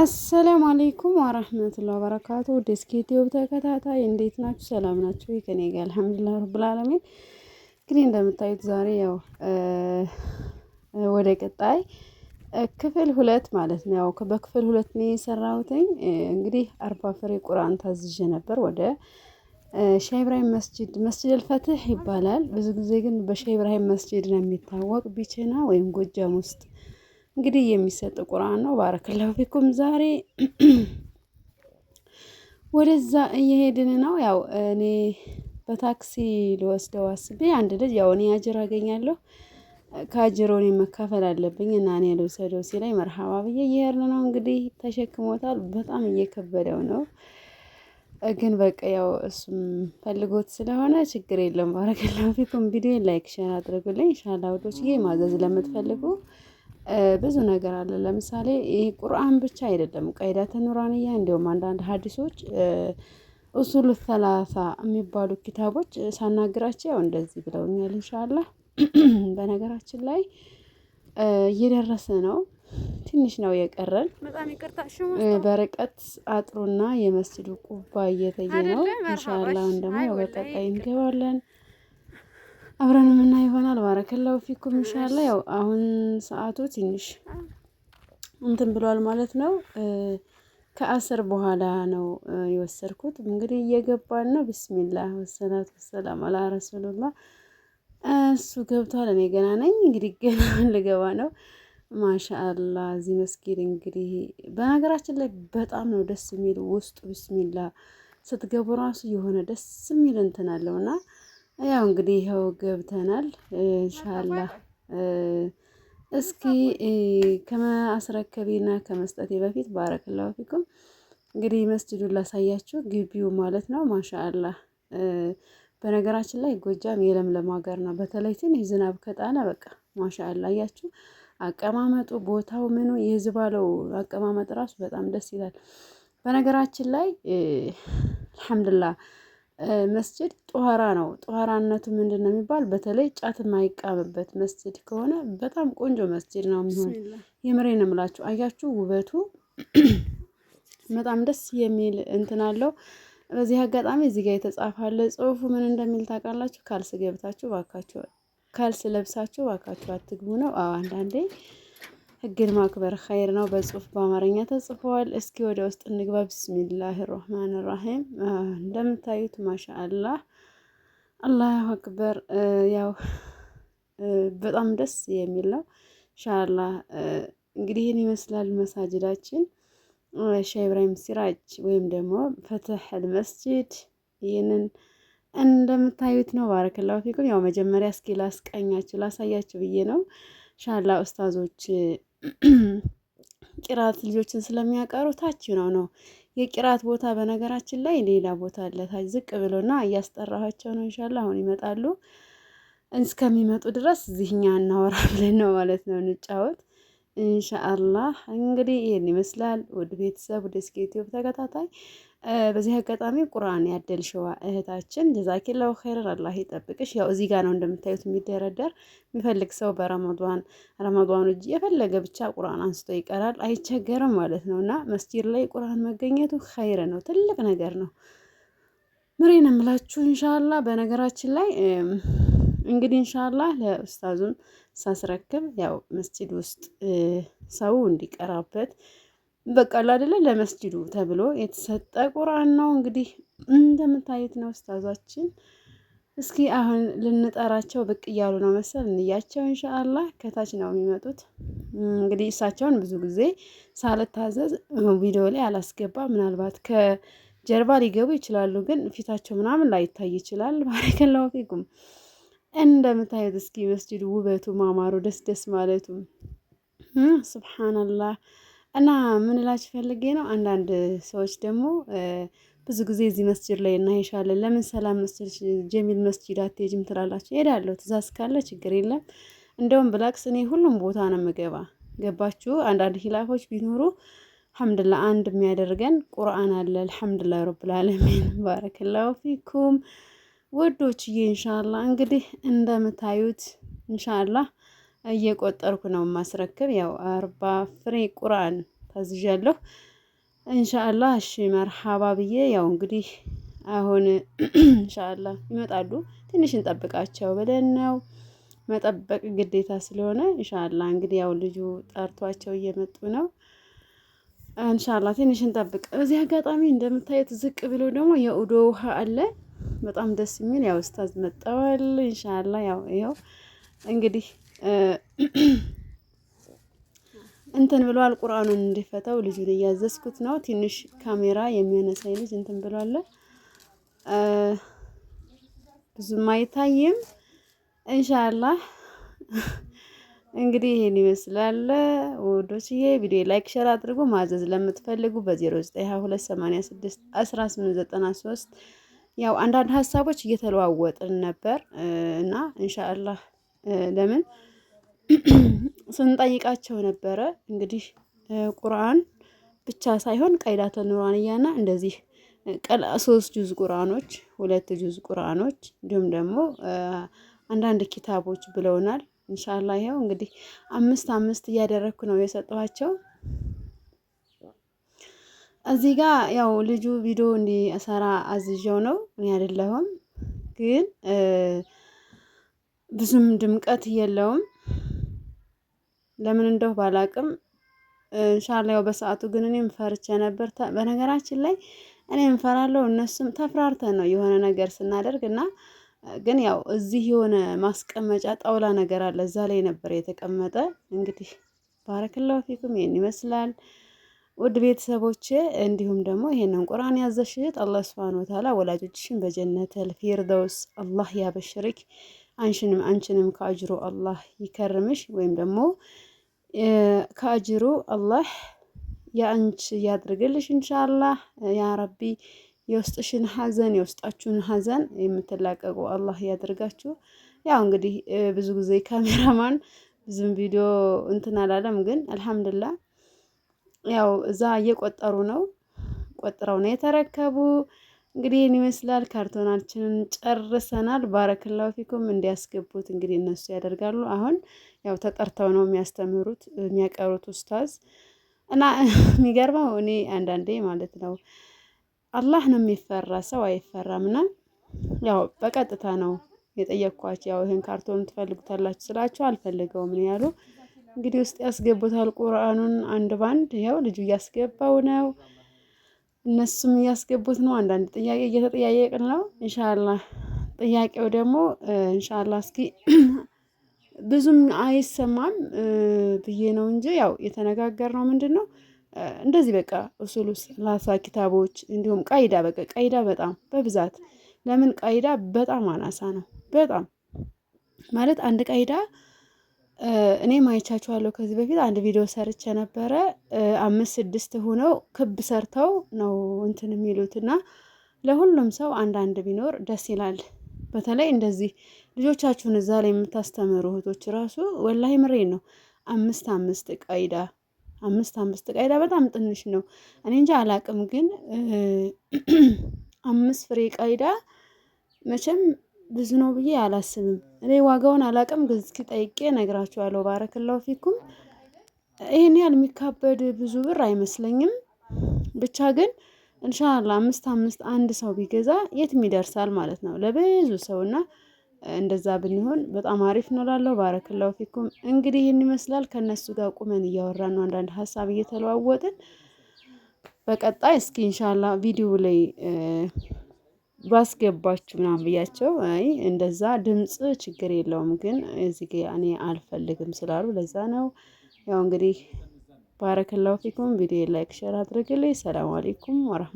አሰላሙ አለይኩም ወራህመቱላሂ ወበረካቱ ዲስክ ዩቲዩብ ተከታታይ እንዴት ናችሁ? ሰላም ናችሁ? ከኔ ጋር አልሐምዱሊላህ ረብል ዓለሚን። እንግዲህ እንደምታዩት ዛሬ ያው ወደ ቀጣይ ክፍል ሁለት ማለት ነው። ያው በክፍል ሁለት ነው የሰራሁትኝ። እንግዲህ አርባ ፍሬ ቁርአን ታዝዤ ነበር ወደ ሼህ ኢብራሂም መስጂድ መስጂድ አልፈትህ ይባላል። ብዙ ጊዜ ግን በሼህ ኢብራሂም መስጂድ ነው የሚታወቅ ቢቸና ወይም ጎጃም ውስጥ እንግዲህ የሚሰጥ ቁርአን ነው። ባረከላሁ ፊኩም። ዛሬ ወደዛ እየሄድን ነው። ያው እኔ በታክሲ ልወስደው አስቤ አንድ ልጅ ያው እኔ አጅር አገኛለሁ ከአጅሮኔ መካፈል አለብኝ እና እኔ ልውሰደው ሲላይ መርሃባ ብዬ እየሄድን ነው። እንግዲህ ተሸክሞታል። በጣም እየከበደው ነው ግን በቃ ያው እሱም ፈልጎት ስለሆነ ችግር የለም። ባረከላሁ ፊኩም። ቪዲዮ ላይክ፣ ሼር አድርጉልኝ። ኢንሻአላህ ወዶችዬ ማዘዝ ለምትፈልጉ ብዙ ነገር አለ። ለምሳሌ ይህ ቁርአን ብቻ አይደለም ቀይዳተ ኑራንያ እንዲሁም አንዳንድ ሀዲሶች ኡሱል ሰላሳ የሚባሉ ኪታቦች ሳናግራቸው ያው እንደዚህ ብለውኛል። እንሻላ በነገራችን ላይ እየደረሰ ነው። ትንሽ ነው የቀረን። በርቀት አጥሩና የመስጅዱ ቁባ እየተየ ነው። እንሻላ አሁን ደግሞ በቀጣይ እንገባለን። አብረን ምና ይሆናል። ባረከላው ፊኩም ኢንሻአላ። ያው አሁን ሰዓቱ ትንሽ እንትን ብሏል ማለት ነው። ከአስር በኋላ ነው የወሰድኩት። እንግዲህ እየገባን ነው። ቢስሚላህ ወሰላቱ ወሰላም አላ ረሱሉላህ። እሱ ገብቷል፣ እኔ ገና ነኝ። እንግዲህ ገና ልገባ ነው። ማሻአላ እዚህ መስጊድ እንግዲህ በነገራችን ላይ በጣም ነው ደስ የሚል ውስጡ ቢስሚላ ስትገቡ ራሱ የሆነ ደስ የሚል እንትን አለውና ያው እንግዲህ ይኸው ገብተናል እንሻላ እስኪ ከማስረከቤና ከመስጠቴ በፊት ባረክላሁ ፊኩም እንግዲህ መስጅዱን ላሳያችሁ ግቢው ማለት ነው። ማሻአላ በነገራችን ላይ ጎጃም የለምለም ሀገር ነው። በተለይ ትንሽ ዝናብ ከጣለ በቃ ማሻአላ አያችሁ፣ አቀማመጡ ቦታው ምኑ የዝባለው አቀማመጥ ራሱ በጣም ደስ ይላል። በነገራችን ላይ አልሐምዱሊላህ መስጅድ ጦኋራ ነው። ጦኋራነቱ ምንድን ነው የሚባል በተለይ ጫት የማይቃምበት መስጅድ ከሆነ በጣም ቆንጆ መስጅድ ነው የሚሆን። የምሬን እምላችሁ አያችሁ፣ ውበቱ በጣም ደስ የሚል እንትን አለው። በዚህ አጋጣሚ እዚህ ጋር የተጻፋለ ጽሁፉ ምን እንደሚል ታውቃላችሁ? ካልስ ገብታችሁ ካልስ ለብሳችሁ ባካችሁ አትግቡ ነው። አዎ አንዳንዴ ህግን ማክበር ኸይር ነው። በጽሁፍ በአማርኛ ተጽፈዋል። እስኪ ወደ ውስጥ እንግባ። ብስሚላህ ራህማን ራሂም። እንደምታዩት ማሻአላህ አላሁ አክበር። ያው በጣም ደስ የሚል ነው። ኢንሻአላህ እንግዲህ ይህን ይመስላል መሳጅዳችን። ሻ ኢብራሂም ሲራጅ ወይም ደግሞ ፈትህ መስጅድ። ይህንን እንደምታዩት ነው። ባረከላሁ ፊኩም። ያው መጀመሪያ እስኪ ላስቀኛችሁ ላሳያችሁ ብዬ ነው። ኢንሻአላህ ኡስታዞች ቂራት ልጆችን ስለሚያቀሩ ታች ነው ነው የቂራት ቦታ በነገራችን ላይ ሌላ ቦታ አለ። ታች ዝቅ ብሎና እያስጠራኋቸው ነው። ኢንሻላህ አሁን ይመጣሉ። እስከሚመጡ ድረስ እዚህኛ እናወራ ብለን ነው ማለት ነው እንጫወት ኢንሻአላህ እንግዲህ ይህን ይመስላል። ውድ ቤተሰብ ወደ እስኪ ዩቲዩብ ተከታታይ በዚህ አጋጣሚ ቁርአን ያደልሽዋ እህታችን ጀዛኪላሁ ኸይረን አላህ ይጠብቅሽ። ያው እዚህ ጋር ነው እንደምታዩት የሚደረደር የሚፈልግ ሰው በረመዷን ረመዷን ውጭ የፈለገ ብቻ ቁርአን አንስቶ ይቀራል፣ አይቸገርም ማለት ነው። እና መስጂድ ላይ ቁርአን መገኘቱ ኸይር ነው፣ ትልቅ ነገር ነው። ምሬን እምላችሁ ኢንሻአላህ በነገራችን ላይ እንግዲህ እንሻላህ ለኡስታዙም ሳስረክብ ያው መስጂድ ውስጥ ሰው እንዲቀራበት በቃ አይደለ ለመስጂዱ ተብሎ የተሰጠ ቁርአን ነው። እንግዲህ እንደምታዩት ነው ኡስታዛችን። እስኪ አሁን ልንጠራቸው ብቅ እያሉ ነው መሰል፣ እንያቸው ኢንሻአላህ። ከታች ነው የሚመጡት። እንግዲህ እሳቸውን ብዙ ጊዜ ሳልታዘዝ ቪዲዮ ላይ አላስገባ። ምናልባት ከጀርባ ሊገቡ ይችላሉ፣ ግን ፊታቸው ምናምን ላይታይ ይችላል። ባረከላሁ ፊኩም እንደምታዩት እስኪ መስጂድ ውበቱ ማማሩ ደስ ደስ ማለቱ ስብሓናላህ። እና ምን እላችሁ ፈልጌ ነው፣ አንዳንድ ሰዎች ደግሞ ብዙ ጊዜ እዚህ መስጅድ ላይ እናይሻለን፣ ለምን ሰላም መስጅድ ጀሚል መስጅድ አትሄጂም ትላላችሁ። እሄዳለሁ፣ ትእዛዝ ካለ ችግር የለም። እንደውም ብላክስ እኔ ሁሉም ቦታ ነው የምገባ። ገባችሁ? አንዳንድ ሂላፎች ቢኖሩ አልሐምዱላ አንድ የሚያደርገን ቁርአን አለ። አልሐምዱላ ረብል ዓለሚን ባረከላሁ ፊኩም ውዶችዬ እንሻላ እንግዲህ እንደምታዩት እንሻላ እየቆጠርኩ ነው የማስረክብ። ያው አርባ ፍሬ ቁርአን ታዝዣለሁ። እንሻላ እሺ መርሃባ ብዬ ያው እንግዲህ አሁን እንሻላ ይመጣሉ። ትንሽ እንጠብቃቸው ብለን ነው መጠበቅ ግዴታ ስለሆነ እንሻላ እንግዲህ ያው ልጁ ጠርቷቸው እየመጡ ነው። እንሻላ ትንሽ እንጠብቅ። በዚህ አጋጣሚ እንደምታዩት ዝቅ ብሎ ደግሞ የኡዶ ውሃ አለ በጣም ደስ የሚል ያው ስታዝ መጠዋል ኢንሻአላ ያው ይኸው እንግዲህ እንትን ብለዋል። ቁርአኑን እንዲፈታው ልጁን እያዘዝኩት ነው። ትንሽ ካሜራ የሚያነሳኝ ልጅ እንትን ብሏል። ብዙም አይታይም። እንሻላ እንግዲህ ይሄን ይመስላል ውዶችዬ። ቪዲዮ ላይክ፣ ሼር አድርጎ ማዘዝ ለምትፈልጉ በ0922861893 ያው አንዳንድ ሀሳቦች እየተለዋወጥን ነበር እና እንሻአላህ ለምን ስንጠይቃቸው ነበረ እንግዲህ ቁርአን ብቻ ሳይሆን ቀይዳተ ኑራንያና እንደዚህ ሶስት ጁዝ ቁርአኖች፣ ሁለት ጁዝ ቁርአኖች እንዲሁም ደግሞ አንዳንድ ኪታቦች ብለውናል። እንሻላ ይኸው እንግዲህ አምስት አምስት እያደረግኩ ነው የሰጠኋቸው። እዚህ ጋ ያው ልጁ ቪዲዮ እንዲሰራ አዝዣው ነው እኔ አይደለሁም። ግን ብዙም ድምቀት የለውም ለምን እንደው ባላቅም እንሻላ ያው በሰዓቱ ግን እኔም ፈርቼ ነበር። በነገራችን ላይ እኔ ፈራለሁ እነሱም ተፍራርተን ነው የሆነ ነገር ስናደርግ እና ግን ያው እዚህ የሆነ ማስቀመጫ ጣውላ ነገር አለ እዛ ላይ ነበር የተቀመጠ። እንግዲህ ባረክላው ፊኩም ይህን ይመስላል። ውድ ቤተሰቦቼ እንዲሁም ደግሞ ይሄንን ቁርአን ያዘሽት አላህ ሱብሃነሁ ወተዓላ ወላጆችሽን በጀነት ፊርደውስ አላህ ያበሽርክ፣ አንሽንም አንቺንም ከአጅሩ አላህ ይከርምሽ፣ ወይም ደግሞ ከአጅሩ አላህ የአንቺ ያድርግልሽ። ኢንሻአላህ ያ ረቢ የውስጥሽን ሀዘን የውስጣችሁን ሀዘን የምትላቀቁ አላህ ያድርጋችሁ። ያው እንግዲህ ብዙ ጊዜ ካሜራማን ብዙም ቪዲዮ እንትን አላለም፣ ግን አልሐምዱሊላህ ያው እዛ እየቆጠሩ ነው፣ ቆጥረው ነው የተረከቡ። እንግዲህ ይህን ይመስላል። ካርቶናችንን ጨርሰናል። ባረክላው ፊኩም እንዲያስገቡት እንግዲህ እነሱ ያደርጋሉ። አሁን ያው ተጠርተው ነው የሚያስተምሩት የሚያቀሩት ኡስታዝ እና የሚገርመው እኔ አንዳንዴ ማለት ነው አላህ ነው የሚፈራ ሰው አይፈራም። እና ያው በቀጥታ ነው የጠየቅኳቸው። ያው ይህን ካርቶን ትፈልጉታላችሁ ስላቸው አልፈልገውም ነው ያሉ። እንግዲህ ውስጥ ያስገቡታል ቁርአኑን አንድ ባንድ። ያው ልጁ እያስገባው ነው፣ እነሱም እያስገቡት ነው። አንዳንድ ጥያቄ እየተጠያየቅን ነው። እንሻላ ጥያቄው ደግሞ እንሻላ እስኪ ብዙም አይሰማም ብዬ ነው እንጂ ያው ነው ምንድን ነው እንደዚህ በቃ እሱሉ ላሳ ኪታቦች እንዲሁም ቃይዳ በቃ ቃይዳ በጣም በብዛት ለምን ቃይዳ በጣም አናሳ ነው። በጣም ማለት አንድ ቃይዳ እኔ ማይቻችኋለሁ። ከዚህ በፊት አንድ ቪዲዮ ሰርቼ ነበረ። አምስት ስድስት ሆነው ክብ ሰርተው ነው እንትን የሚሉት እና ለሁሉም ሰው አንዳንድ ቢኖር ደስ ይላል። በተለይ እንደዚህ ልጆቻችሁን እዛ ላይ የምታስተምሩ እህቶች ራሱ ወላሂ ምሬ ነው። አምስት አምስት ቀይዳ አምስት አምስት ቀይዳ በጣም ትንሽ ነው። እኔ እንጂ አላቅም፣ ግን አምስት ፍሬ ቀይዳ መቼም ብዙ ነው ብዬ አላስብም። እኔ ዋጋውን አላውቅም፣ ግን እስኪ ጠይቄ እነግራችኋለሁ። ባረክላው ፊኩም። ይህን ያህል የሚካበድ ብዙ ብር አይመስለኝም። ብቻ ግን እንሻላ አምስት አምስት አንድ ሰው ቢገዛ የትም ይደርሳል ማለት ነው ለብዙ ሰው እና እንደዛ ብንሆን በጣም አሪፍ ነው ላለው። ባረክላው ፊኩም። እንግዲህ ይህን ይመስላል። ከእነሱ ጋር ቁመን እያወራን ነው፣ አንዳንድ ሀሳብ እየተለዋወጥን በቀጣይ እስኪ እንሻላ ቪዲዮ ላይ ባስገባችሁ ምናምን ብያቸው፣ አይ እንደዛ ድምፅ ችግር የለውም ግን እዚህ ጋ እኔ አልፈልግም ስላሉ ለዛ ነው። ያው እንግዲህ ባረከላሁ ፊኩም። ቪዲዮ ላይክ ሸር አድርግልኝ። ሰላም አሌይኩም ወረመ